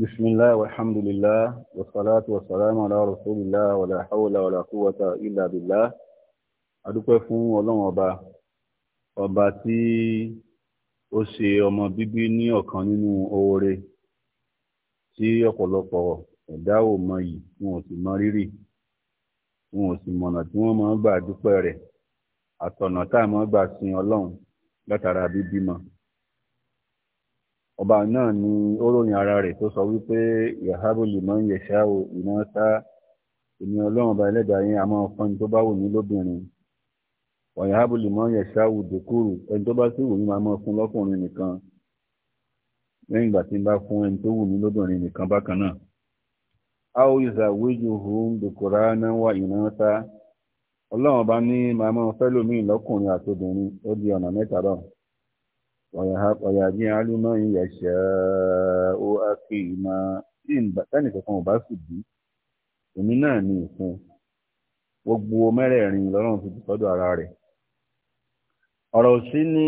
بسم الله والحمد لله والصلاة والسلام على رسول الله ولا حول ولا قوة إلا بالله adúpẹ́ fún ọlọ́run ọba ọba tí ó ṣe ọmọ bíbí ní ọ̀kan nínú oore tí ọ̀pọ̀lọpọ̀ ẹ̀dá ò mọ yìí wọn ò sì mọ rírì wọn ò sì mọ̀nà tí wọ́n máa ń gbà dúpẹ́ rẹ̀ àtọ̀nà tá a máa ń gbà sin ọlọ́run látara bíbímọ ọba náà ni ó ròyìn ara rẹ̀ tó sọ wípé yahabu limon yeshau inasa èmi ọlọ́run ọba ẹlẹ́dàá yẹn a máa fún ẹni tó bá wù ní lóbìnrin wa yahabu limon yeshau dukuru ẹni tó bá sì wù ní máa máa fún lọ́kùnrin nìkan lẹ́yìn ìgbà tí n bá fún ẹni tó wù ní lóbìnrin nìkan bákan náà a ó yíṣà wíjú hùn dùkúrá náà wà ìrántá ọlọ́run ọba ní màmá fẹ́lòmíì lọ́kùnrin àtobìnrin ó di ọ̀nà mẹ́ta báwọn. ويجعل من يشاء أقيما tẹ́nìkan kan ò bá sì bí èmi náà ní ìfún gbogbo mẹ́rẹ̀ẹ̀rin lọ́rùn fi tọ́jú ara rẹ̀ ọ̀rọ̀ sí ní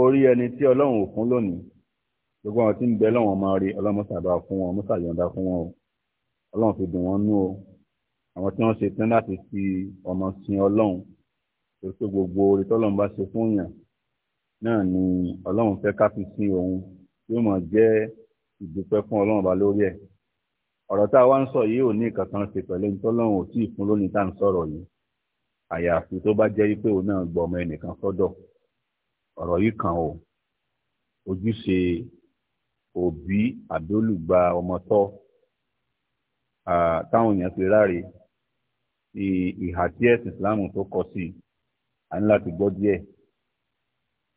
orí ẹni tí ọlọ́run ò fún lónìí gbogbo àwọn tí ń bẹ lọ́wọ́n máa rí ọlọ́mọsàbà fún wọn mọ́sàyọ̀ǹda fún wọn o ọlọ́run fi dùn wọ́n nú o àwọn tí wọ́n ṣe tán láti fi ọmọ sin ọlọ́run tó gbogbo orí tọ́lọ́run bá ṣe fún yàn náà ni ọlọ́run fẹ́ ká fi sí òun yóò mọ̀ jẹ́ ìdúpẹ́ fún ọlọ́run ọba lórí ẹ̀ ọ̀rọ̀ tá a wá ń sọ yìí ò ní nǹkan kan ṣe pẹ̀lú ẹni tọ́lọ́run ò tí ì fún lónìí tá à ń sọ̀rọ̀ yìí àyàfi tó bá jẹ́ wípé òun náà gbọ́ ọmọ ẹnìkan sọ́dọ̀ ọ̀rọ̀ yìí kan o ojúṣe òbí àdólùgba ọmọ tọ́ táwọn èèyàn fi ráre ìhà tí ẹ̀sìn Islam tó kọ sí i a ní láti gbọ́ díẹ̀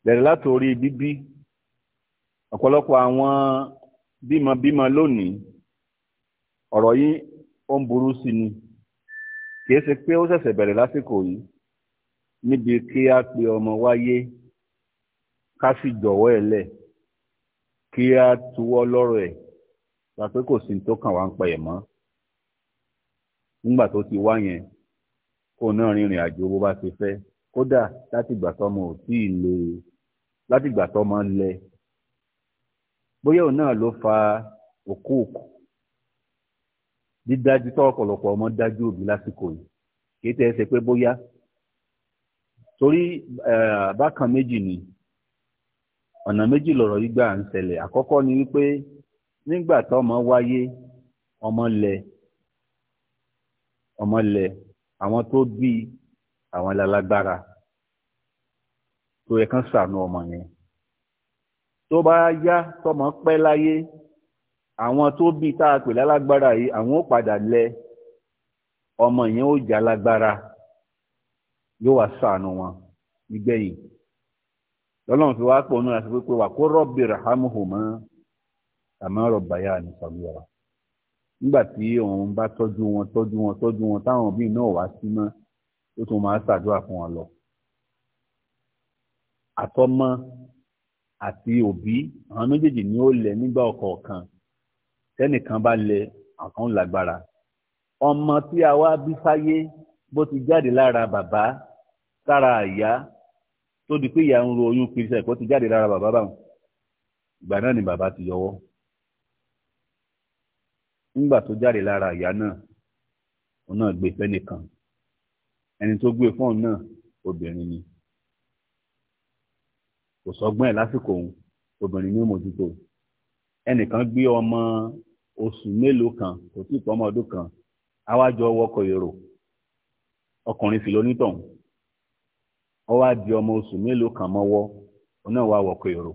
bẹ̀rẹ̀ látòrí bíbí ọ̀pọ̀lọpọ̀ àwọn bímọbímọ lónìí ọ̀rọ̀ yìí ó ń burú sí ni kìí ṣe pé ó ṣẹ̀ṣẹ̀ bẹ̀rẹ̀ lásìkò yìí níbi kí a pe ọmọ wáyé ká sì jọ̀wọ́ ẹ̀ lẹ̀ kí a tuwọ́ lọ́rọ̀ ẹ̀ gba pé kò sí tó kàn wá ń pa ẹ̀ mọ́ nígbà tó ti wá yẹn kó náà rìnrìn àjò bó bá ṣe fẹ́ kódà láti ìgbà tọ́mọ ò tí ì lè láti ìgbà tó máa ń lẹ bóyá òun náà ló fa òkúòkù dídájú tó ọ̀pọ̀lọpọ̀ ọmọ dájú òbí lásìkò yìí kì í tẹ́ ẹ ṣe pé bóyá torí bákan méjì ni ọ̀nà méjì lọ̀rọ̀ yìí gbà ń ṣẹlẹ̀ àkọ́kọ́ ni wípé nígbà tó ọmọ wáyé ọmọ lẹ ọmọ lẹ àwọn tó bí àwọn lálágbára tó yẹ kán sànú ọmọ yẹn tó bá yá tọmọ pẹ́ láyé àwọn tó bí tá a pè lálágbára yìí àwọn ó padà lẹ ọmọ yẹn ó jà lágbára yóò wá sànú wọn nígbẹ̀yìn lọ́lọ́run fi wá pọ̀ náà sọ pé wà kó rọ́bì rahamuhuma àmọ́ rọ̀bàyà ní sọ̀rọ̀ nígbà tí òun bá tọ́jú wọn tọ́jú wọn tọ́jú wọn táwọn bíi náà wá sí mọ́ ó tún máa ṣàdúrà fún wọn lọ àtọmọ àti òbí àwọn méjèèjì ni ó lẹ nígbà ọ̀kọ̀ọ̀kan tẹnìkan bá lẹ àwọn lágbára ọmọ tí a wá bí fáyé bó ti jáde lára bàbá sára àyà tó di pé ìyá ń ro oyún kiri sẹ́kọ̀ọ́ ti jáde lára bàbá báwọn ìgbà náà ni bàbá ti yọwọ́ nígbà tó jáde lára àyà náà òun náà gbé fẹ́nìkan ẹni tó gbé fóun náà obìnrin ni. kò sọgbọ́n ẹ̀ lásìkò òun obìnrin ní mójútó ẹnìkan gbé ọmọ oṣù mélòó kan kò tí ì pọ́ ọmọ ọdún kan awájọ wọkọ̀ èrò ọkùnrin sì lónítọ̀hún ó wá di ọmọ oṣù mélòó kan mọ́wọ́ oná wa wọkọ̀ èrò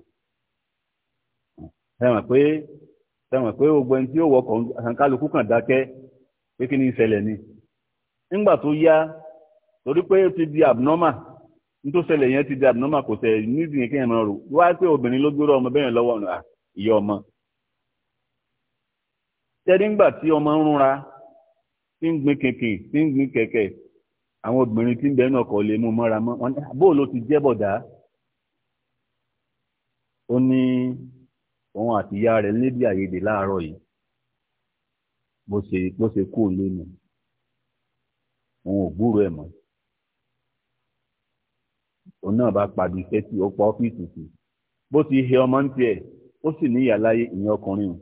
sẹ́wọ̀n pé sẹ́wọ̀n pé gbogbo ẹni tí ó wọkọ̀ àkànkálukú kan dákẹ́ pé kí ni ìṣẹ̀lẹ̀ ni nígbà tó yá torí pé ó ti di abnormal nítorí ṣẹlẹ̀ yẹn ti di abnormal kò tẹ̀ nídìí kéèyàn máa rò wá pé obìnrin ló gbérò ọmọ bẹ́ẹ̀ lọ́wọ́ ọ̀nà ìyá ọmọ. tẹ́lí ńgbà tí ọmọ ń rúnra tí ń gbin kìnkìn tí ń gbin kẹ̀kẹ́ àwọn obìnrin tí ń bẹ̀rù ọkọ̀ lè mú mọ́ra mọ́ wọn bóò ló ti jẹ́ bọ̀dá. ó ní òun àti ìyá rẹ̀ lébi àyèdè láàárọ̀ yìí bó ṣe kú òun lé nù òun ò gbúrò ẹ̀ mọ́. òun náà bá pàdé iṣẹ́ tí ó pa ọ́fíìsì sí bó ti he ọmọ ń tiẹ̀ ó sì ní ìyá láyé ìyẹn ọkùnrin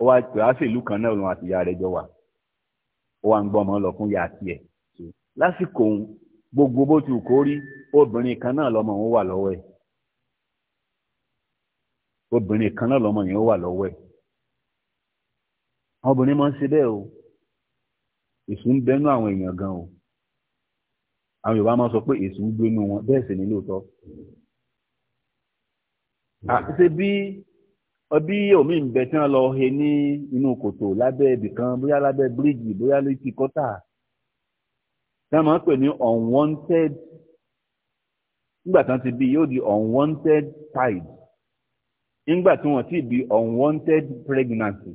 ó wá ìlú kan náà lòun àti ìyá rẹ̀ jọ wà ó wá ń gbọ́ ọmọ lọ fún ìyá gbogbo bó ti kó rí obìnrin kan náà lọmọ òun wà lọ́wọ́ ẹ̀ obìnrin kan náà lọmọ yẹn wà lọ́wọ́ ẹ̀ máa ń o ìsún bẹnu àwọn èèyàn gan o àwọn Yorùbá máa sọ pé èsù ń gbénu wọn bẹ́ẹ̀ sì ní lóòótọ́ ṣe bí ọbí omi ń bẹ tí wọ́n lọ he ní inú kòtò lábẹ́ ibìkan bóyá lábẹ́ bíríìjì bóyá létí kọ́tà tí wọ́n máa ń pè ní unwanted nígbà tí wọ́n ti bí yóò di unwanted tide nígbà tí wọ́n ti bí unwanted pregnancy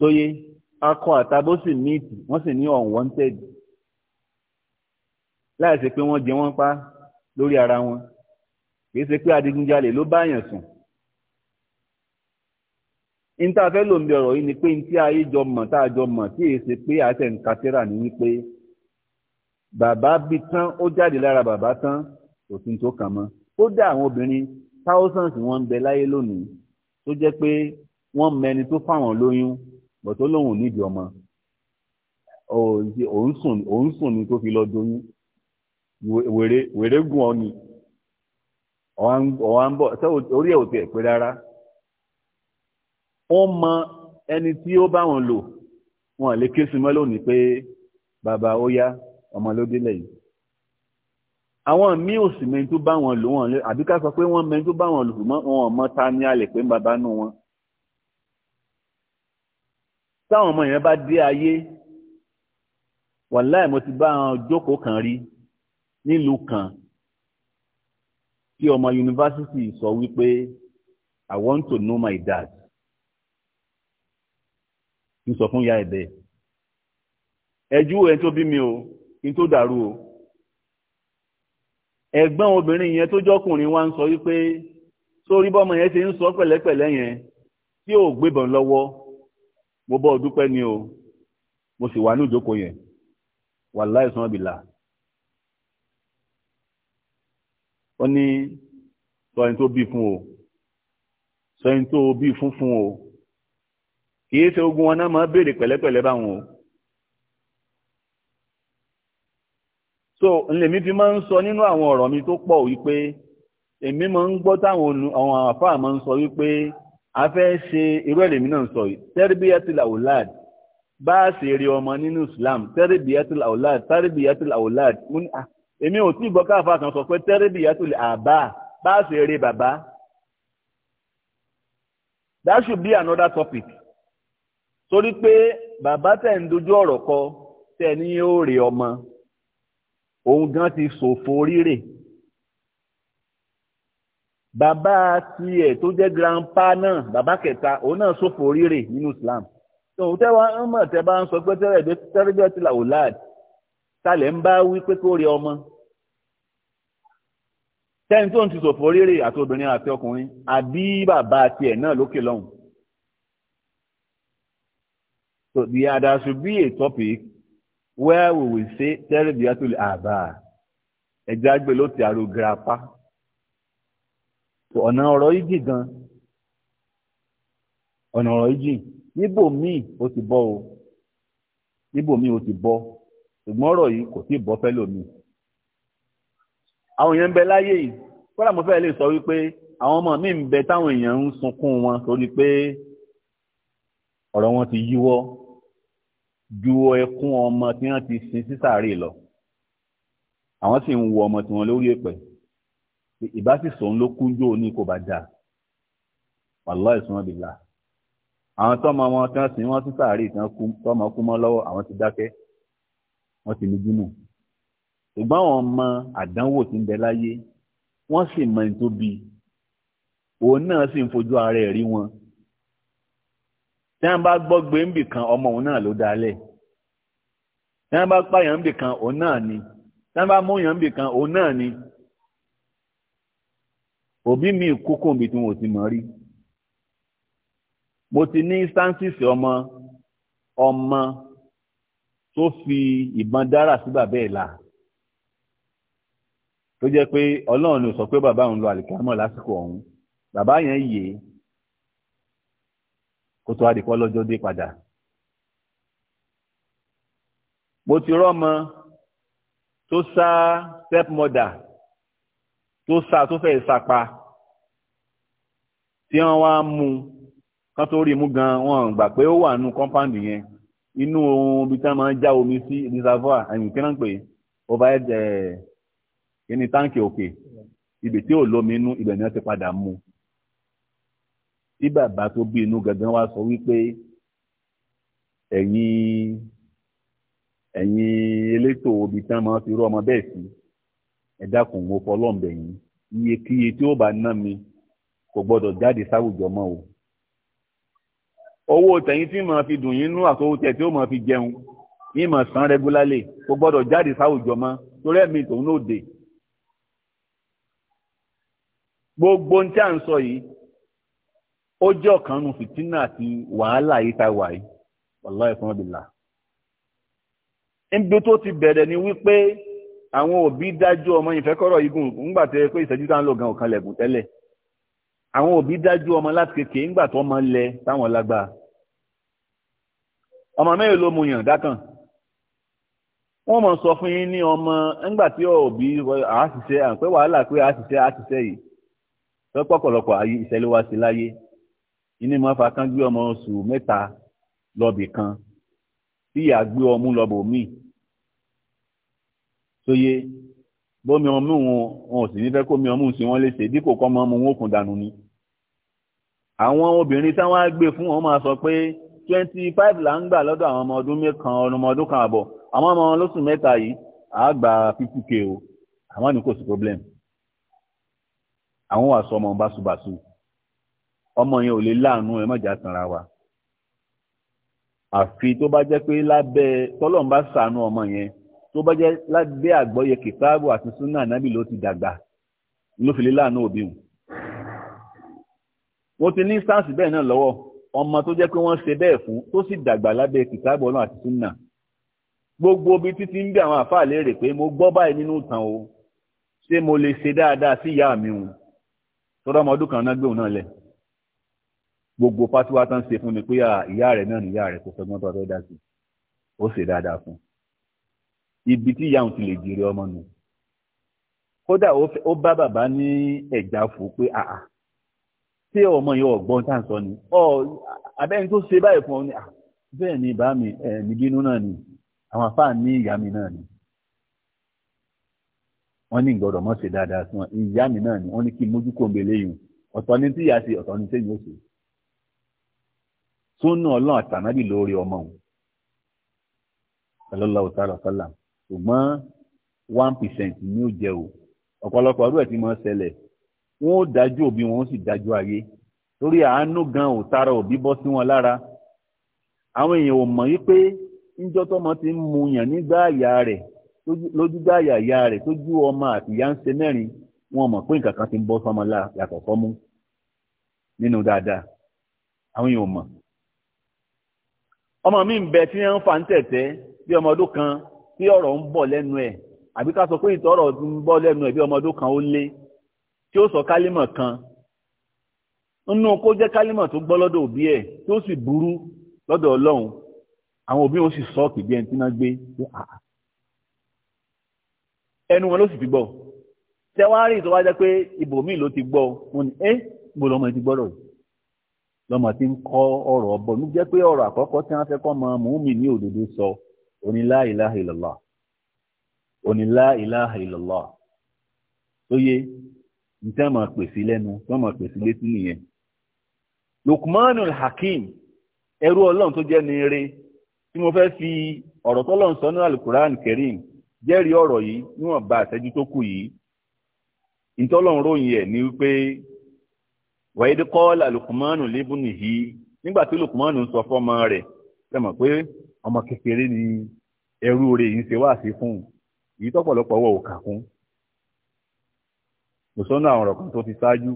tóye akọ àtàbó sì níìtì wọ́n sì ní unwanted láì ṣe pé wọ́n jẹ wọ́n pa lórí ara wọn kì í ṣe pé adigunjalè ló bá yàn sùn níta fẹ́ lò ń bí ọ̀rọ̀ yìí ni pé ní tí ayé jọ mọ̀ tá a jọ mọ̀ tí èyí ṣe pé àṣẹ nǹkan tẹ́rà wípé bàbá bí tán ó jáde lára bàbá tán òfin tó kàn mọ́ kódà àwọn obìnrin thousands wọ́n ń bẹ láyé lónìí tó jẹ́ pé wọ́n mẹni tó fáwọn lóyún bọ̀tọ́ lòun ò nídìí ọmọ òun sùn ni tó fi lọ doyún wèrè wèrè gùn ọ ni ọ̀wá ń bọ̀ sẹ́ orí ẹ̀ ò tiẹ̀ pé rárá ó mọ ẹni tí ó bá wọn lò wọn lè ké sí mọ́ lónìí pé bàbá ó yá ọmọ ló délẹ̀ yìí àwọn míì ò sì mẹ́ni tó bá wọn lò wọn lé àbí ká sọ pé wọ́n mẹ́ni tó bá wọn lò mọ́ wọn ọmọ ta ni a lè pé bàbá nù wọn táwọn ọmọ yẹn bá dé ayé wàláì mo ti bá wọn jókòó kan rí nílùú kan tí ọmọ yunifásitì sọ wípé I want to know my dad n sọ fún ya ẹ bẹ́ẹ̀ ẹjú ẹni tó bí mi o ní tó dàrú o ẹ̀gbọ́n obìnrin yẹn tó jọkùnrin wa ń sọ wípé sórí bọ́mọ yẹn ti ń sọ pẹ̀lẹ́pẹ̀lẹ́ yẹn tí ò gbébọn lọ́wọ́ mo bọ́ ọ dúpẹ́ ni o mo sì wà ní ìjókòó yẹn wàláì sàn bìlà ó ní sọ ẹni tó bí fún o sọ ẹni tó bí fún fún o kì ṣe ogun wọn máa béèrè pẹ̀lẹ́pẹ̀lẹ́ báwọn o. so ńlẹ̀mí fi máa ń sọ nínú àwọn ọ̀rọ̀ mi tó pọ̀ wípé èmi máa ń gbọ́ táwọn àwọn àfáà máa ń sọ wípé a fẹ́ ṣe irú ẹ̀lẹ́mí náà sọ yìí tẹ́rìbíyàtìlà òláàdì bá a ṣe rí ọmọ nínú Islam tẹ́rìbíyàtìlà òláàdì tẹ́rìbíyàtìlà òláàdì èmi ò tí ì gbọ́ káfa kan sọ pé tẹ́rẹ́bì yàtò lè àbá bá a ṣe eré bàbá that should be another topic torí pé bàbá tẹ̀ ń dojú ọ̀rọ̀ kọ tẹ̀ ní yóò rè ọmọ òun gan ti ṣòfò rírè bàbá tiẹ̀ tó jẹ́ grandpa náà bàbá kẹta òun náà ṣòfò rírè nínú Islam tòun tẹ́ wá ń mọ̀ tẹ́ bá ń sọ pé tẹ́rẹ́bì yàtò lè àwòláàdì talẹ̀ ń bá wí pé kó rí ọmọ tẹ́ni tó ń ti sòfò rírè àti obìnrin àti ọkùnrin àbí bàbá tiẹ̀ náà lókè lọ́hùn. So the other should be a topic where we will say tẹ́rẹ̀bíyàtò àbá ẹ̀jẹ̀ àgbẹ̀ ló ti àrò grapa. ọ̀nà ọ̀rọ̀ yìí jì gan ọ̀nà ọ̀rọ̀ yìí jì níbòmíì ó ti bọ́ o níbòmíì ó ti bọ́ o ṣùgbọ́n ọ̀rọ̀ yìí kò tí ì bọ́ fẹ́ lómi àwọn èèyàn ń bẹ láyé yìí kódà mo fẹ́ lè sọ wípé àwọn ọmọ mi ń bẹ táwọn èèyàn ń sunkún wọn torí pé ọ̀rọ̀ wọn ti yíwọ́ ju ẹkún ọmọ tí wọ́n ti sin sísàárè lọ àwọn sì ń wo ọmọ tiwọn lórí èpẹ̀ ìbá sì ló kúnjó ní kò bá dáa wàlọ́ ìsúná bìlà àwọn tọ́mọ wọn tí wọ́n sísàárè tí wọ́n kú mọ́ lọ́wọ́ àwọn ti dákẹ́ wọ́n ti lu júnù ṣùgbọ́n àwọn ọmọ àdánwò ti ń bẹ láyé wọ́n sì mọ ẹni tó bí òun náà sì ń fojú ara ẹ̀ rí wọn tí wọ́n bá gbọ́ gbéǹbì kan ọmọ òun náà ló dalẹ̀ tí wọ́n bá pààyàn ń bì kan òun náà ni tí wọ́n bá múyàn ń bì kan òun náà ni òbí mi kókó níbi tí wọn ò ti mọ̀ rí mo ti ní instances ọmọ ọmọ tó fi ìbọn dára sí bàbá ẹ̀ la tó jẹ́ pé ọlọ́run ló sọ pé bàbá òun lọ àlìkámọ̀ lásìkò ọ̀hún bàbá yẹn yè é kó tó adìpọ́ lọ́jọ́ dé padà mo ti rọ́mọ tó sá stepmother tó sá tó fẹ́ sapa tí wọ́n wá mú kán tó rí mú gan wọn gbà pé ó wà nù kọ́ńpáǹdì yẹn inú ohun ibi tí wọ́n máa ń já omi sí reservoir ẹ̀yìn kí náà ń pè overhead ẹ̀ eh, táǹkì òkè ibè tí ò lómi inú ibẹ̀ ni wọ́n ti padà mú tí bàbá tó bí inú gangan wá sọ wípé ẹ̀yin ẹ̀yin elétò ibi tí wọ́n máa fi rú ọmọ bẹ́ẹ̀ sí ẹ dákun mo fọlọ́ǹbẹ̀ yín iyekíye tí ó bá ná mi kò gbọ́dọ̀ jáde sáwùjọ mọ́ o owó tẹ̀yìn tí màá fi dùn yín nú àtọwó tẹ̀ tí ó màá fi jẹun ní màá san regularly kò gbọ́dọ̀ jáde sáwùjọ mọ́ torí ẹ̀mí tòun náà dé gbogbo ní tí à ń sọ yìí ó jẹ́ ọ̀kan nu fìtínà àti wàhálà yìí ta wà yìí wàláhì fún ọ̀bìlà. níbi tó ti bẹ̀rẹ̀ ni wípé àwọn òbí dájú ọmọ yìí fẹ́kọ̀rọ̀ igun ńgbà tẹ́ pé ìṣẹ́jú tá ń lò gan ọ̀kan lẹ̀gùn tẹ́lẹ̀ àwọn òbí dájú ọmọ láti kékeré ńgbà tó ọmọ lẹ táwọn lágbára ọmọ mẹ́rin ló mu yàn dákàn wọ́n mọ̀ sọ fún yín ní ọmọ ńgbà tí òbí àásìṣe àpé wàhálà pé àásìṣe àásìṣe yìí lọ́pọ̀ ọ̀pọ̀lọpọ̀ ayé ìṣẹ̀lẹ̀ wa sí láyé inú ìmọ̀ afa kan gbé ọmọ oṣù mẹ́ta lọ́bì kan tí ìyá gbé ọmú lọ́bò míì tóye bómi ọmú wọn ò sì ní fẹ́ kómi ọmú sí wọn léṣe dípò kọ́ ọmọ wọn ò dànù ni àwọn obìnrin táwọn á gbé fún wọn máa sọ pé twenty five là ń gbà lọ́dọ̀ àwọn ọmọ ọdún mẹ́kan ọmọ ọdún kan àbọ̀ àwọn ọmọ lóṣù mẹ́ta yìí á gba fifty k o àwọn ni kò sí problem àwọn wà sọ ọmọ báṣubàṣu ọmọ yẹn ò lè láàánú ẹ mọ̀jà tanra wa àfi tó bá jẹ́ pé lábẹ́ tọ́lọ́n bá sànú ọmọ yẹn tó bá jẹ́ lábẹ́ àgbọ́yé kìtáàbù àti súnà nábì ló ti dàgbà ló fi lè láàánú òbí wọn. wọ́n ti ní sáǹsì bẹ́ẹ̀ náà lọ́wọ́ ọmọ tó jẹ́ pé wọ́n ṣe bẹ́ẹ̀ fún tó sì dàgbà lábẹ́ kìtàbù Ọlọ́run àti súnà gbogbo ibi títí ń bí àwọn àfáà léèrè pé mo gbọ́ báyìí nínú ìtàn o ṣé mo lè ṣe dáadáa sí ìyá mi o tọ́lá ọmọ ọdún kan náà gbóhùn náà lẹ̀ gbogbo pátíwá tán ṣe fún mi pé ìyá rẹ̀ náà níyá rẹ̀ kò sọgbọ́n tó fẹ́ dá sí ó ṣe dáadáa fún ṣé ọmọ yẹn ọ̀gbọ́n tá à ń sọ ni ọ abẹ́ni tó ṣe báyìí fún ọ ni bẹ́ẹ̀ ni bá mi ẹ̀ níbínú náà ni àwọn afáà ní ìyá mi náà ni wọ́n ní ìgbọ́dọ̀ mọ́ ṣe dáadáa sí wọn ìyá mi náà ni wọ́n ní kí n mójú kóńbe léyìn ọ̀tọ̀ ni tí ìyá ṣe ọ̀tọ̀ ni tí yóò ṣe súnú ọlọ́run àtànábì lórí ọmọ òun sallallahu ta'ala sallam ṣùgbọ́n one percent ni ó jẹ́ o ọ̀pọ̀lọpọ̀ ọdún ẹ̀ ti mọ́ ṣẹlẹ̀ wọn ò dájú òbí wọn ó sì dájú ayé torí àánú gan ò tara òbí bọ́ sí wọn lára àwọn èèyàn ò mọ̀ wípé níjọ́ tọ́mọ ti ń mu yàn nígbà àyà rẹ̀ lójúgbà àyà ìyá rẹ̀ tójú ọmọ àtìyá ń ṣe mẹ́rin wọn mọ̀ pé nǹkan kan ti ń bọ́ sọmọ yàtọ̀ sọ́mú nínú dáadáa àwọn èèyàn ò mọ̀ ọmọ mi ń bẹ tí wọ́n ń fa ń tẹ̀tẹ́ bí ọmọ ọdún kan tí ọ̀rọ̀ ń bọ̀ lẹ́nu ẹ̀ àbí ká sọ pé ìtọ́rọ̀ ń bọ̀ lẹ́nu ẹ̀ bí ọmọ ọdún kan ó lé tí ó sọ kálímọ̀ kan nínú kó jẹ́ kálímọ̀ tó gbọ́ lọ́dọ̀ òbí ẹ̀ tí ó sì burú lọ́dọ̀ ọlọ́run àwọn òbí wọn sì sọ kìdí ẹni tí wọ́n gbé ẹnu wọn ló sì ti gbọ́ tẹwárì tó wá jẹ́ pé ibòmíì ló ti gbọ́ wọn ti ti ń kọ́ ọ̀rọ̀ ní jẹ́ pé ọ̀rọ̀ àkọ́kọ́ tí wọ́n fẹ́ kọ́ mọ ní òdodo sọ tó ní tí wọ́n máa pèsè lẹ́nu tí wọ́n máa pèsè létí nìyẹn Lukmanul Hakim ẹrú ọlọ́run tó jẹ́ nire tí mo fẹ́ fi ọ̀rọ̀ tọ́lọ́run sọ ní alukuran kerim jẹ́rìí ọ̀rọ̀ yìí níwọ̀n bá àṣẹjú tó kù yìí ìtọ́lọ́run ròyìn ẹ̀ ní wípé wàyídí kọ́ọ́lá Lukmanu lébùnì yìí nígbà tí Lukmanu sọ fọ́mọ rẹ̀ ṣe mọ̀ pé ọmọ kékeré ni ẹrú rẹ̀ yìí ṣe wá sí fún un èyí kò sọ́nà àwọn ọ̀rọ̀ kan tó ti ṣáájú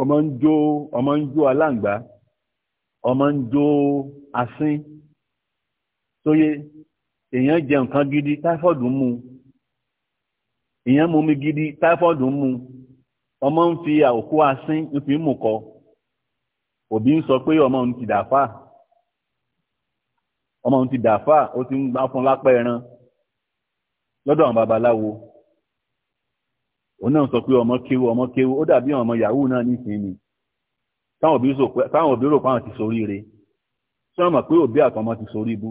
ọmọ ń jó ọmọ ń jó aláǹgbá ọmọ ń jó asín tóyé èèyàn jẹ nǹkan gidi táífọ́ọ̀dù mú èèyàn mú mi gidi táífọ́ọ̀dù mú ọmọ ń fi àòkú asín ń fi mú kọ òbí ń sọ pé ọmọ òun ti dàáfà ọmọ òun ti dàáfà ó ti ń gbá fún lápá ẹran lọ́dọ̀ àwọn babaláwo òun náà sọ pé ọmọ kéwu ọmọ kéwu ó dàbí ọmọ yahoo náà nísìnyí táwọn òbí rò pé àwọn ti soríire tí wọ́n mọ̀ pé òbí àtọmọ ti sorí ibú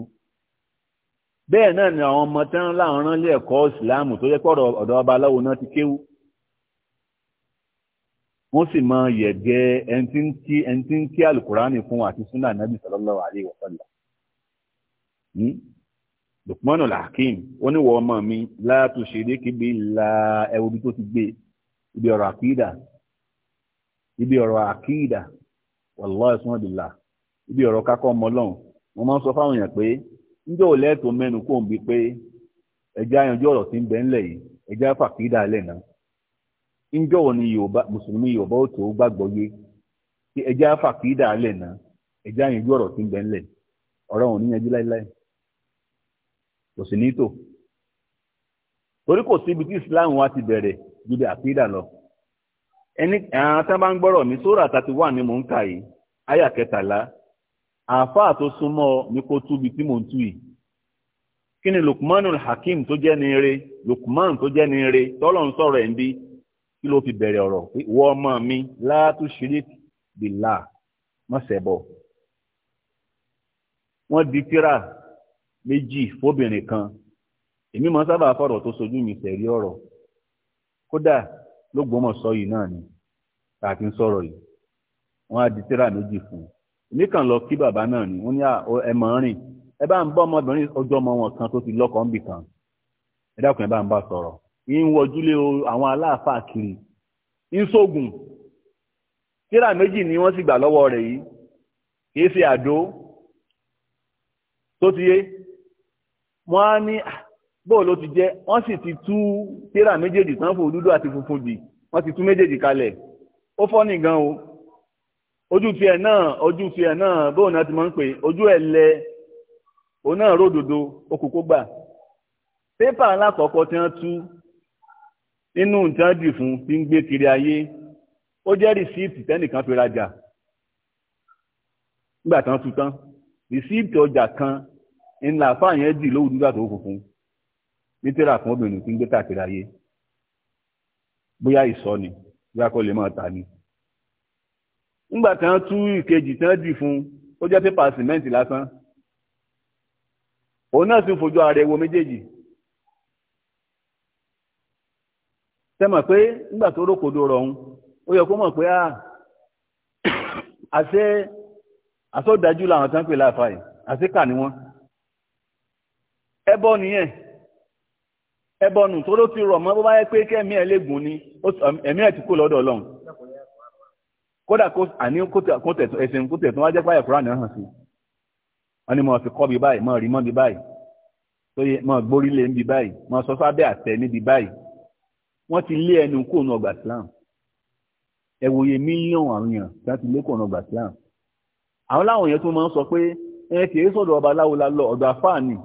bẹ́ẹ̀ náà ni àwọn ọmọ tán láwọn ránlé ẹ̀kọ́ ìsìláàmù tó yẹ pé ọ̀dọ̀ babaláwo náà ti kéwú wọ́n sì máa yẹ̀gẹ́ ẹni tí ń kí alukurani fún àti súnà nàbì sallallahu alaihi wa sallam hmm? lukmanul hakim ó ní wọ́n ọmọ mi láàtò ṣeré kébé la ẹwọ́ bí tó ti gbé ibi ọ̀rọ̀ àkídà ibi ọ̀rọ̀ àkídà ẹ̀sùn ibi ọ̀rọ̀ kákọ́ ọmọ ọlọ́run wọ́n máa ń sọ fáwọn èèyàn pé níjọ́ ò lẹ́ẹ̀tọ́ ẹja ọ̀rọ̀ ti ń ńlẹ̀ yìí lẹ̀ náà ò ní yorùbá mùsùlùmí yorùbá tó gbàgbọ́ yé lẹ̀ náà ẹja ọ̀rọ̀ ti ń ńlẹ̀ ọ̀rọ̀ òun kò sí ní tò torí kò síbi tí islam wa ti bẹ̀rẹ̀ ju bí lọ ẹni àwọn tí wọ́n bá ń gbọ́rọ̀ mi sóra thirty one ni mò ń kà yìí àyà kẹtàlá àáfàá tó súnmọ́ ni kó túbi tí mò ń tú yìí kí ni lukmanul hakim tó jẹ́ ni re lukman tó jẹ́ ni re tọ́lọ̀ ń sọ̀rọ̀ ẹ̀ ń bí kí ló fi bẹ̀rẹ̀ ọ̀rọ̀ ìwọ ọmọ mi láàtú shirik billah má ṣẹbọ wọ́n di tíra méjì fóbìnrin kan èmi máa ń sábà fọ̀rọ̀ tó sojú mi sẹ̀rí ọ̀rọ̀ kódà lÓgbómọ̀ṣọ́ yìí náà ni tá a ti ń sọ̀rọ̀ yìí wọ́n á di tírà méjì fún un èmi kàn lọ kí bàbá náà ni wọ́n ní ẹ mọ̀ ń rìn ẹ bá ń bá ọmọbìnrin ọjọ́ ọmọ wọn kan tó ti lọ́kọ ń bì kan ẹ dákun ẹ bá ń bá sọ̀rọ̀ ń wọjúlé àwọn aláàfáà kiri ń sógun tírà méjì ni wọ́n sì gbà lọ́wọ́ rẹ̀ yìí kì í ṣe àdó tó ti yé wọ́n á ní ah, bó ló ti jẹ́ wọ́n sì ti tú tírà méjèèjì tán fún dúdú àti funfun dì wọ́n ti tú méjèèjì kalẹ̀ ó fọ́ nìgan o ojú tiẹ̀ náà ojú tiẹ̀ náà bóun náà ti máa ń pè ojú ẹ̀ lẹ òun náà ródòdó okòkó gbà pépà alákọ̀ọ́kọ́ tí wọ́n tú nínú nǹkan dì fún ti ń gbé kiri ayé ó jẹ́ rìsíìtì tẹ́nìkan fi rajà nígbà tán tú tán rìsíìtì ọjà kan ńlá fáyẹn dì lóhùn nígbà tó kùnkùn nítorá fún obìnrin tí ń gbé káàkiri ayé bóyá ìsọ ni bóyá kó lè máa ta ni. nígbà tí wọ́n tú ìkejì tí wọ́n dì fún ó jẹ́ pépà sìmẹ́ǹtì lásán òun náà sì ń fojú ara rẹ̀ wo méjèèjì. tẹ́mọ̀ pé nígbà tó rókòdo rọ̀hún ó yẹ kó mọ̀ pé a ah, àṣẹ àsọdájú làwọn tán pè láàfáà yìí àṣẹ kà ni wọ́n. ẹbọ nìyẹn ẹbọ nù tó ló ti rọ mọ́ bó bá yẹ pé ni ti kó lọdọ kódà kó àní kó kó kúrò sí ní mo fi kọ́ bí báyìí mo rí mọ́ bí báyìí tó yẹ mo gbórí lé níbi báyìí mo sọ àtẹ níbi báyìí wọ́n ti lé ẹnu kó nu ọgbà Islam àwọn èèyàn tí ọgbà Islam àwọn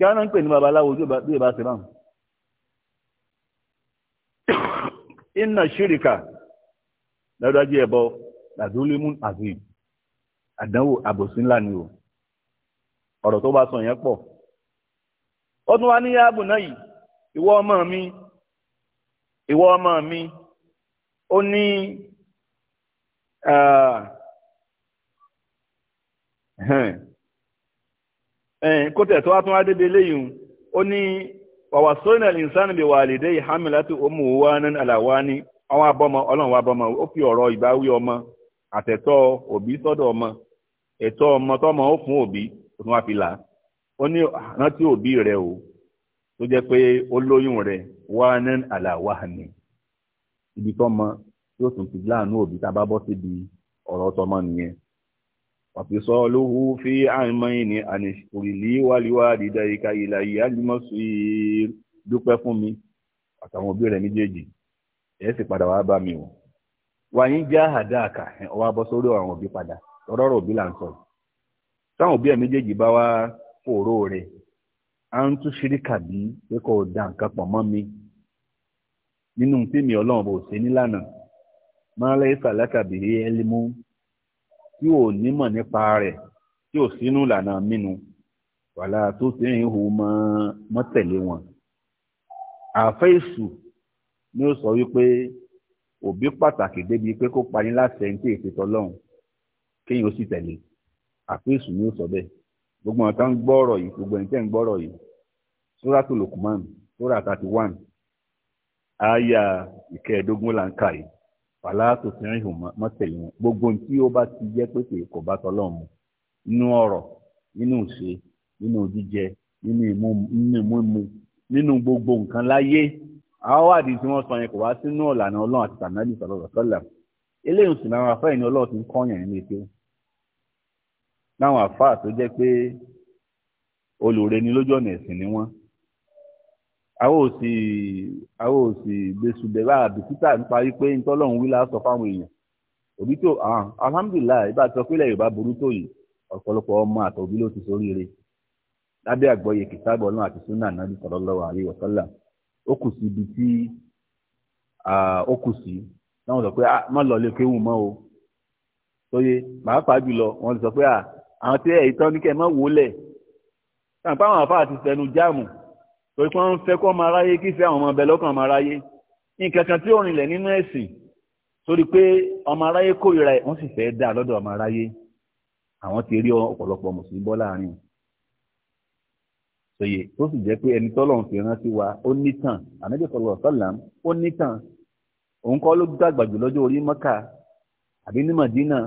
kí wọn náà ń pè ní babaláwo bí ìbá ṣe báwọn. inna ṣíríkà lọ́dọ́jú ẹ̀bọ làdúlímùn azim àdánwò àbòsí ńlá ni o ọ̀rọ̀ tó bá sọ yẹn pọ̀ ó tún wá ní yáàbù náà yìí ìwọ ọmọ mi ìwọ ọmọ mi ó ní kó tẹ̀ tó wá tún wá débi eléyìí ó ní wàwà sóyún náà ìsánì bí wàlídé ìhámilátì òmù wa ní àlàwá ní àwọn abọ́mọ ọlọ́run wa bọ́mọ ó fi ọ̀rọ̀ ìbáwí o tó jẹ́ pé ó lóyún rẹ wá ibi tọ́mọ yóò tún fi láàánú òbí وفصاله في عامين أن اشكر لي ولوالديك إلي المصير dúpẹ́ fún mi àtàwọn òbí rẹ̀ méjèèjì ẹ̀ sì padà wá bá mi o wà yín já àdáàkà ọwọ́ abọ́ sórí àwọn òbí padà ọ̀rọ̀ òbí là ń sọ táwọn òbí ẹ̀ méjèèjì bá wá fòró rẹ̀ à ń tún ṣíríkà bí pé kò da nǹkan pọ̀ mọ́ mi nínú tèmi ọlọ́run bò ṣe nílànà máa lẹ́yìn tí ò nímọ̀ nípa rẹ̀ tí ò sínú ìlànà mínu wàhálà tó ti ń hu mọ́tẹ̀lé wọn. àfẹ́sù ni ó sọ wípé òbí pàtàkì débi pé kó parí láti ẹni tí èsì tọlọ́run kéèyàn ó sì tẹ̀lé àfẹ́sù ni ó sọ bẹ́ẹ̀ gbogbo àwọn tó ń gbọ́ ọ̀rọ̀ yìí gbogbo ẹni tẹ́ ń gbọ́ ọ̀rọ̀ yìí Suratul Luqman sura thirty one aya ìkẹẹ̀ẹ́dógún là ń kà yìí fàlà tó fi rìn hùn mọ́tẹ̀lé wọn gbogbo tí ó bá ti jẹ́ pé kò bá tọ́lọ́ mu nínú ọ̀rọ̀ nínú ìṣe nínú jíjẹ nínú ìmúmu nínú gbogbo nǹkan láyé àwọn àdìsí tí wọ́n sọ yẹn kò wá sínú ọ̀làna ọlọ́run àti tànàlì sọ̀rọ̀ sọ́là eléyìí sì làwọn afáà ní ọlọ́run ti ń kọ́yàn ní ètò láwọn afáà tó jẹ́ pé olùrẹ́ni lójú ọ̀nà ẹ̀sìn ni wọ́n àwọn òsì àwọn òsì gbèsùbẹ̀rẹ̀ àbìkítà nípa wípé ntọ́lọ́run wí láàsọ fáwọn èèyàn òbí tó alhamdulilayi ibà sọ pé ilẹ̀ yorùbá burú tó yìí ọ̀pọ̀lọpọ̀ ọmọ àtọ̀bí ló ti soríire lábẹ́ àgbọ̀yé kìtàbọ̀ ọlọ́run àti súnà nàbí sallallahu alaihi wasallam ó kù sí ibi tí ó kù sí táwọn sọ pé ah, má lọ lé kéwù mọ́ o tóye pàápàá jùlọ wọ́n sọ pé ah, àwọn tí ẹ̀yìn tán ní kẹ́ ẹ má wọlé táwọn àfáà ti fẹnu jáàmù torí pé wọ́n ń fẹ́ kọ́ máa ráyé kífẹ́ àwọn ọmọ ọbẹ̀ lọ́kàn máa ráyé nǹkan kan tí ó rìnlẹ̀ nínú ẹ̀sìn torí pé ọmọ aráyé kórìíra ẹ̀ wọ́n sì fẹ́ dá lọ́dọ̀ ọmọ aráyé àwọn ti rí ọ̀pọ̀lọpọ̀ mùsùlùmí bọ́ láàrin sòye tó sì jẹ́ pé ẹni tọ́lọ́run fi rán sí wa ó nítàn ànábì sọlọ sọlám ó nítàn òun kọ́ ló dàgbà jù lọ́jọ́ orí mọ́kà àbí ní mọ̀dínà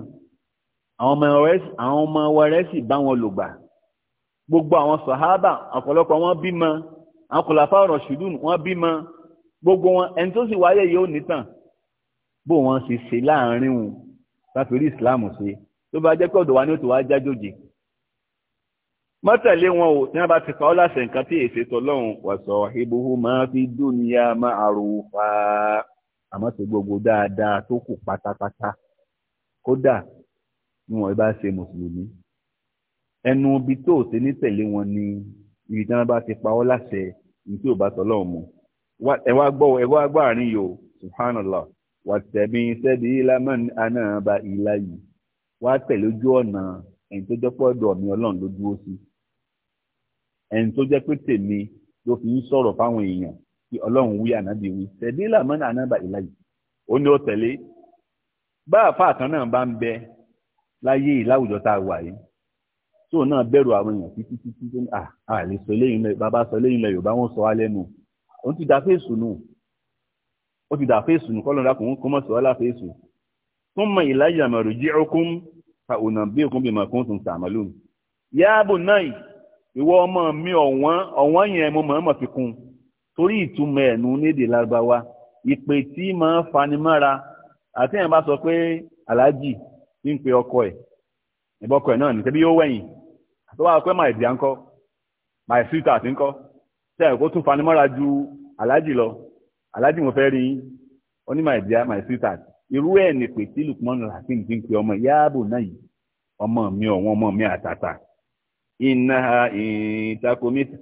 àwọn ọmọ wa rẹ̀ sì bá wọn lògbà gbogbo àwọn sàhábà ọ̀pọ̀lọpọ̀ wọn bímọ àwọn kòlàfà ọ̀rọ̀ ṣùdùn wọ́n bímọ gbogbo wọn ẹni tó sì wáyé yóò nítàn bó wọn ṣe ṣe láàrin wọn láti rí ìsìláàmù ṣe tó bá jẹ́ pé ọ̀dọ̀ wa ni ó ti wá jájòjì mọ́tẹ̀lé wọn ò tí wọ́n bá ti pa ọ́ láṣẹ nǹkan tí èsè tọ́lọ́run wàṣọ ìbúhú máa fi dúnìyà máa rò fa àmọ́ ṣe gbogbo dáadáa tó kù pátápátá kódà ni wọ́n bá ṣe mùsùlùmí ẹnu ibi tó ò ti ní tẹ̀lé wọn ni ibi bá ti pa ọ́ láṣẹ ní tí ò bá tọ́lọ́run mu ẹ wá gbọ́ ẹ wá gbọ́ àárín yìí o subhanallah wà tẹ̀mí sẹ́bi ilaman anáàbà ilá yìí wá tẹ̀ lójú ọ̀nà ẹni tó jẹ́ pé ọ̀dọ̀ mi ọlọ́run ló dúró sí ẹni tó jẹ́ pé tèmi ló fi ń sọ̀rọ̀ fáwọn èèyàn kí ọlọ́run wí ànábì wí sẹ́bi ilaman anáàbà ilá yìí ó ní ó tẹ̀lé bá àfa àkàn náà bá ń bẹ láyé ìláwùjọ tá a wà yìí tó náà bẹ̀rù àwọn èèyàn títí títí tó ní à ah, lè sọ eléyìí lẹ bàbá sọ eléyìí lẹ yorùbá wọn sọ wá lẹ́nu òun ti dà fèsù nù ó ti dà fèsù nù kọ́lọ́dà kò ń kọ́ mọ́ sọ wá lá fèsù tó mọ ìlàjà mọ̀rọ̀ jí okun fa ònà bí okun bí mọ̀ kún tún tàmọ́lù yáàbò náà ìwọ ọmọ mi ọ̀wọ́n ọ̀wọ́n yẹn mo mọ̀ ọ́n mọ̀ fi kún torí ìtumọ̀ ẹ̀nu nídìí lárúbáwá ìpè tí máa ń fanimọ́ra àti ẹ̀ bá sọ pé aláàjì ń pe ọkọ ẹ̀ ìbọkọ ẹ̀ náà nìkẹ́ bí yóò wẹ̀yìn tó wá pẹ́ máa ìdíyà ńkọ́ máa ìsúta àti ńkọ́ sẹ́yìn kó tún fanimọ́ra ju aláàjì lọ aláàjì mo fẹ́ rí yín ó ní máa ìdíyà máa ìsúta irú ẹ̀ ní pè tí Lukman Hakim ti ń pe ọmọ yáàbò náà yìí ọmọ mi ọ̀wọ́n ọmọ mi àtàtà iná ìtakùnmí ti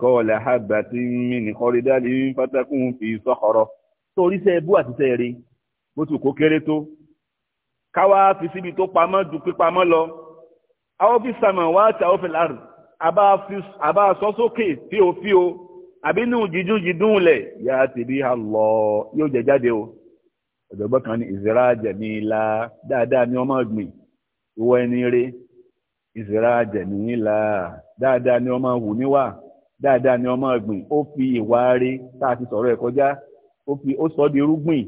àgbà tí mi nìkan rí dáàlì fátákùn fi sọ́kọ̀rọ̀ torí sẹ́ bú àtisẹ́ rí bó ti kó kéré tó káwá fi síbi tó pamọ́ ju pípamọ́ lọ àwọn fi sàmà wá àti àwọn fìlà àrùn àbá sọ sókè fíofío àbí nù jídún jídún lẹ̀ yá tìbí àlọ́ yóò jẹ jáde o ọ̀jọ̀gbọ́n kan ní ìzira jẹ̀míìlá dáadáa ni ọmọ ọ̀gbìn ìwọ ẹni rẹ ìzira jẹ̀míìlá dáadáa ni ọmọ wù níwà dáadáa ni ọmọ ọ̀gbìn ó fi ìwà rẹ tá a ti sọ̀rọ̀ ẹ̀ kọjá ó fi ó sọ di irúgbìn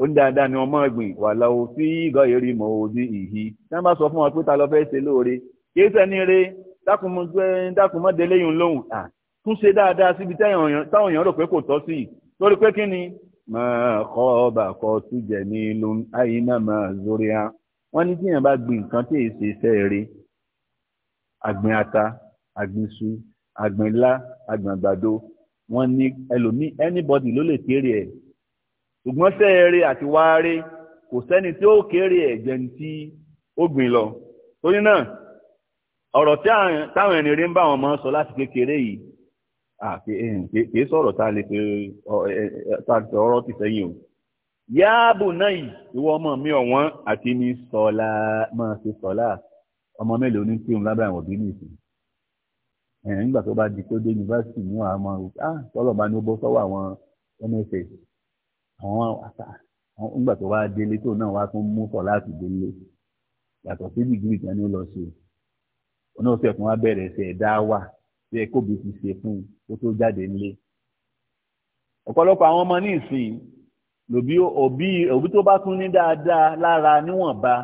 ó ní dáadáa ni wọ́n mọ̀ gbìn wà lọ́wọ́ sí ìgọ́ ìrì mọ̀ òdi ìhí tí wọ́n bá sọ fún wọn pé ta ló fẹ́ ṣe lóore kì í sẹ́ni re dákùnmọ́dé léyìn lóhùn à tún ṣe dáadáa síbi táwọn èèyàn rò pé kò tọ́ sí i lórí pé kí ni máa kọ́ ọba kọ́ tún jẹ̀ ní ìlú àyínà máa zórí á wọ́n ní tíyàn bá gbìn nǹkan tí èyí ṣe iṣẹ́ eré àgbìn ata àgbìn iṣu àgbìn ilá àgbìn àgbàdo wọ́n ní ẹlòmíì anybody ló lè kéré ẹ̀ ṣùgbọ́n sẹ́ẹ̀rẹ́ àti wáárẹ́ kò sẹ́ni tí ó kéré ẹ̀jẹ̀ ní tí ó gbìn lọ torí náà ọ̀rọ̀ táwọn ẹni rí ń bá wọn máa ń sọ láti kékeré yìí kìí sọ̀rọ̀ tá a lè pe ọ̀rọ̀ ti sẹ́yìn o yáàbù náà yìí ìwọ ọmọ mi ọ̀wọ́n àti ní sọ̀lá máa ṣe sọ̀lá ọmọ mélòó ní kí n lábẹ́ àwọn òbí nìyí ẹ̀yìn nígbà tó bá di tó dé yunifásitì ní àwọn ọmọ ah sọ̀rọ̀ bá ní ó bọ́ sọ́wọ́ àwọn nsa àwọn nígbà tó wá délé tó náà wá tún mú pọ̀ láti délé yàtọ̀ sí dìgírì kan ní ó lọ ṣe oní ọ̀sẹ̀ kan wá bẹ̀rẹ̀ ṣe ẹ̀dá wà tó yẹ kóbi ti ṣe fún kó tó jáde nílé ọ̀pọ̀lọpọ̀ àwọn ọmọ ní ìsìn lòbí òbí òbí tó bá tún ní dáadáa lára níwọ̀nba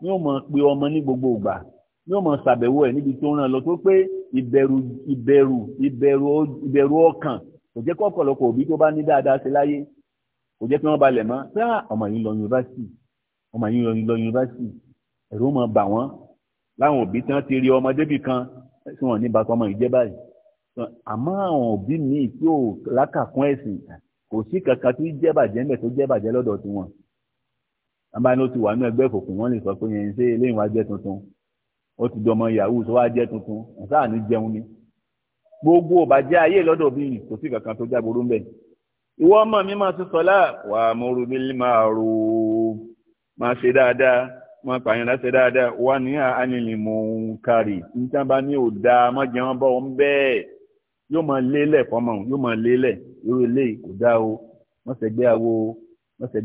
ni ó mọ̀ pé ọmọ ní gbogbo ìgbà ni ó mọ̀ ṣàbẹ̀wò ẹ̀ níbi tó ń ràn lọ tó pé ìbẹ̀rù ìbẹ̀rù ìbẹ̀rù ọkàn kò jẹ́ kọ́pọ̀lọpọ̀ òbí tó bá ní dáadáa ṣe láyé kò jẹ́ kí wọ́n balẹ̀ mọ́ pé ọmọ yìí lọ yunifásitì ọmọ yìí lọ yunifásitì ẹ̀rù mọ̀ bà wọ́n láwọn òbí tí wọ́n ti rí ọmọ débì kan tí wọ́n ní bàtọ́ ọmọ yìí jẹ́ báyìí àmọ́ àwọn òbí míì tí ò lákàkún ẹ̀sìn kò sí kankan tí jẹ́ bàjẹ́ ńbẹ̀ tó jẹ́ bàjẹ́ lọ́dọ̀ tiwọn àbá ni ó ti wà ní ẹgbẹ́ ìfòkùn wọn lè sọ pé yẹn ṣé eléyìí wá jẹ́ tuntun ó ti dọmọ yahoo tó wá jẹ́ tuntun ọ̀sán àní jẹun ni gbogbo òbàjẹ́ ayé lọ́dọ̀ bíi kò sí kankan tó jágboró ńbẹ̀ ìwọ ọmọ mi máa ti sọlá wà á múru bí máa ro máa ṣe dáadáa máa pààyàn láṣẹ dáadáa wà ní àánìlì mò ń kárì níta bá ní ò dáa mọ́jẹ́ wọn bọ́ wọn bẹ́ẹ̀ yóò máa lélẹ̀ fọmọ yóò máa lélẹ̀ irú ilé kò dáa o wọ́n awo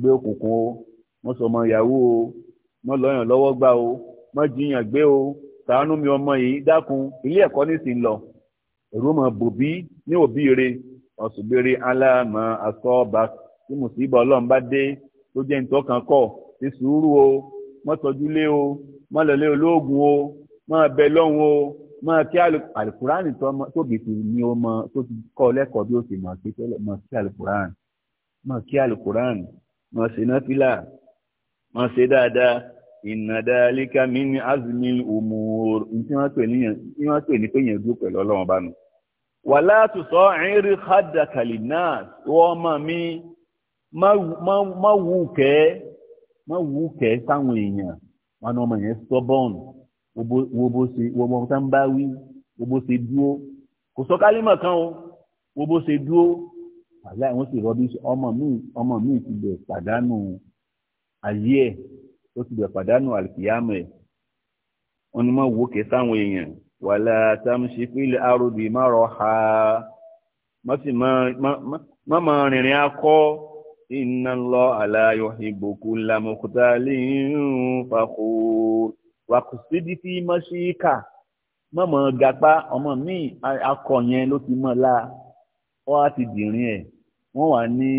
o òkùnkùn o wọ́n ọmọ ìyàwó o wọ́n lọ́yàn lọ́wọ́ gbà o wọ́n jiyàn gbé o ṣàánú mi ọmọ yìí dákun ilé ẹ̀kọ́ ní ọ̀ṣùgbérí aláàmọ̀ àsọ̀ọ̀bà tí mùsíbà ọlọ́run bá dé tó jẹ́ nǹkan kan kọ̀ ṣe sùúrù o mọ́ tọ́jú lé o mọ́ lọ́lé olóògùn o mọ́ bẹ lọ́hùn o mọ́ kí alukurani tóbi tì ní o mọ́ tó ti kọ́ lẹ́kọ̀ọ́ bí o sì mọ̀ kí alukurani mọ́ kí alukurani mọ́ ṣe náfìlà mọ́ ṣe dáadáa ìnàdá alíkàmí ní azmi umur ní tí wọ́n pè ní pé yẹn dúpẹ́ lọ́lọ́run bá nù wà látù sọ ìrì kádàkàlì náà wọ́n mọ̀ mí má wù kẹ́ má wù kẹ́ sáwọn èèyàn wọn ni ọmọ yẹn stubborn wo bó ṣe wo ọmọ tá ń bá wí wo bó ṣe dúró kò sọ kálímọ̀ kan o wo bó ṣe dúró wàhálà wọn sì rọbí ọmọ mi ọmọ mi ti bẹ̀ pàdánù ayé ẹ̀ ó ti bẹ̀ pàdánù àlùkìyàmọ̀ ẹ̀ wọn ni má wù kẹ́ sáwọn èèyàn wàlá tamshi fil ardi maraha má sì má má rìnrìn akọ́ inna Allaha la yuhibbu kulla mukhtalin fakhur wàkùsídìí fi mashika mọ̀mọ́ gapá ọmọ mi akọ yẹn ló ti mọ̀ la wọ́n á ti dìrín ẹ̀ wọ́n wà ní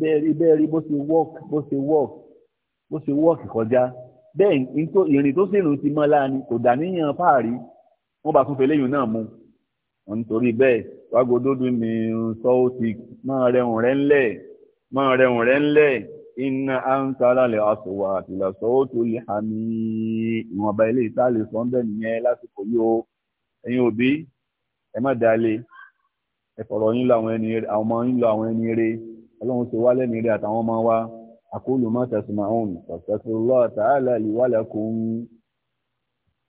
bẹ́ẹ̀rí bẹ́ẹ̀rí bó ṣe wọ́ọ̀k bó ṣe wọ́ọ̀k bó ṣe wọ́ọ̀k kọjá bẹ́ẹ̀ ìrìn tó ṣèrò ti mọ̀ la ni kò dà níyàn fáàrí wọ́n bá tún fẹ́ lẹ́yìn náà mú wọn nítorí bẹ́ẹ̀ wágódódú mi sọ ó ti máa rẹhùn rẹ ńlẹ̀ máa rẹhùn rẹ ńlẹ̀ iná áńtálà lè aṣọwà àtìlà sọ ó tó lè hàmì ìwọ̀nba ilé ìtàlẹ̀ sọ́ńdẹ̀ nìyẹn lásìkò yìí o ẹ̀yin òbí ẹ má dalẹ̀ ẹ fọ̀rọ̀ yín lọ àwọn ẹni rẹ àwọn ọmọ yín lọ àwọn ẹni rẹ ọlọ́run ṣe wá lẹ́ni rẹ àtàwọn ọmọ wa àkólù má tẹ̀sùn máa ń sọ̀tẹ̀sùn lọ́ọ̀tà àlàlì wàlẹ̀kùn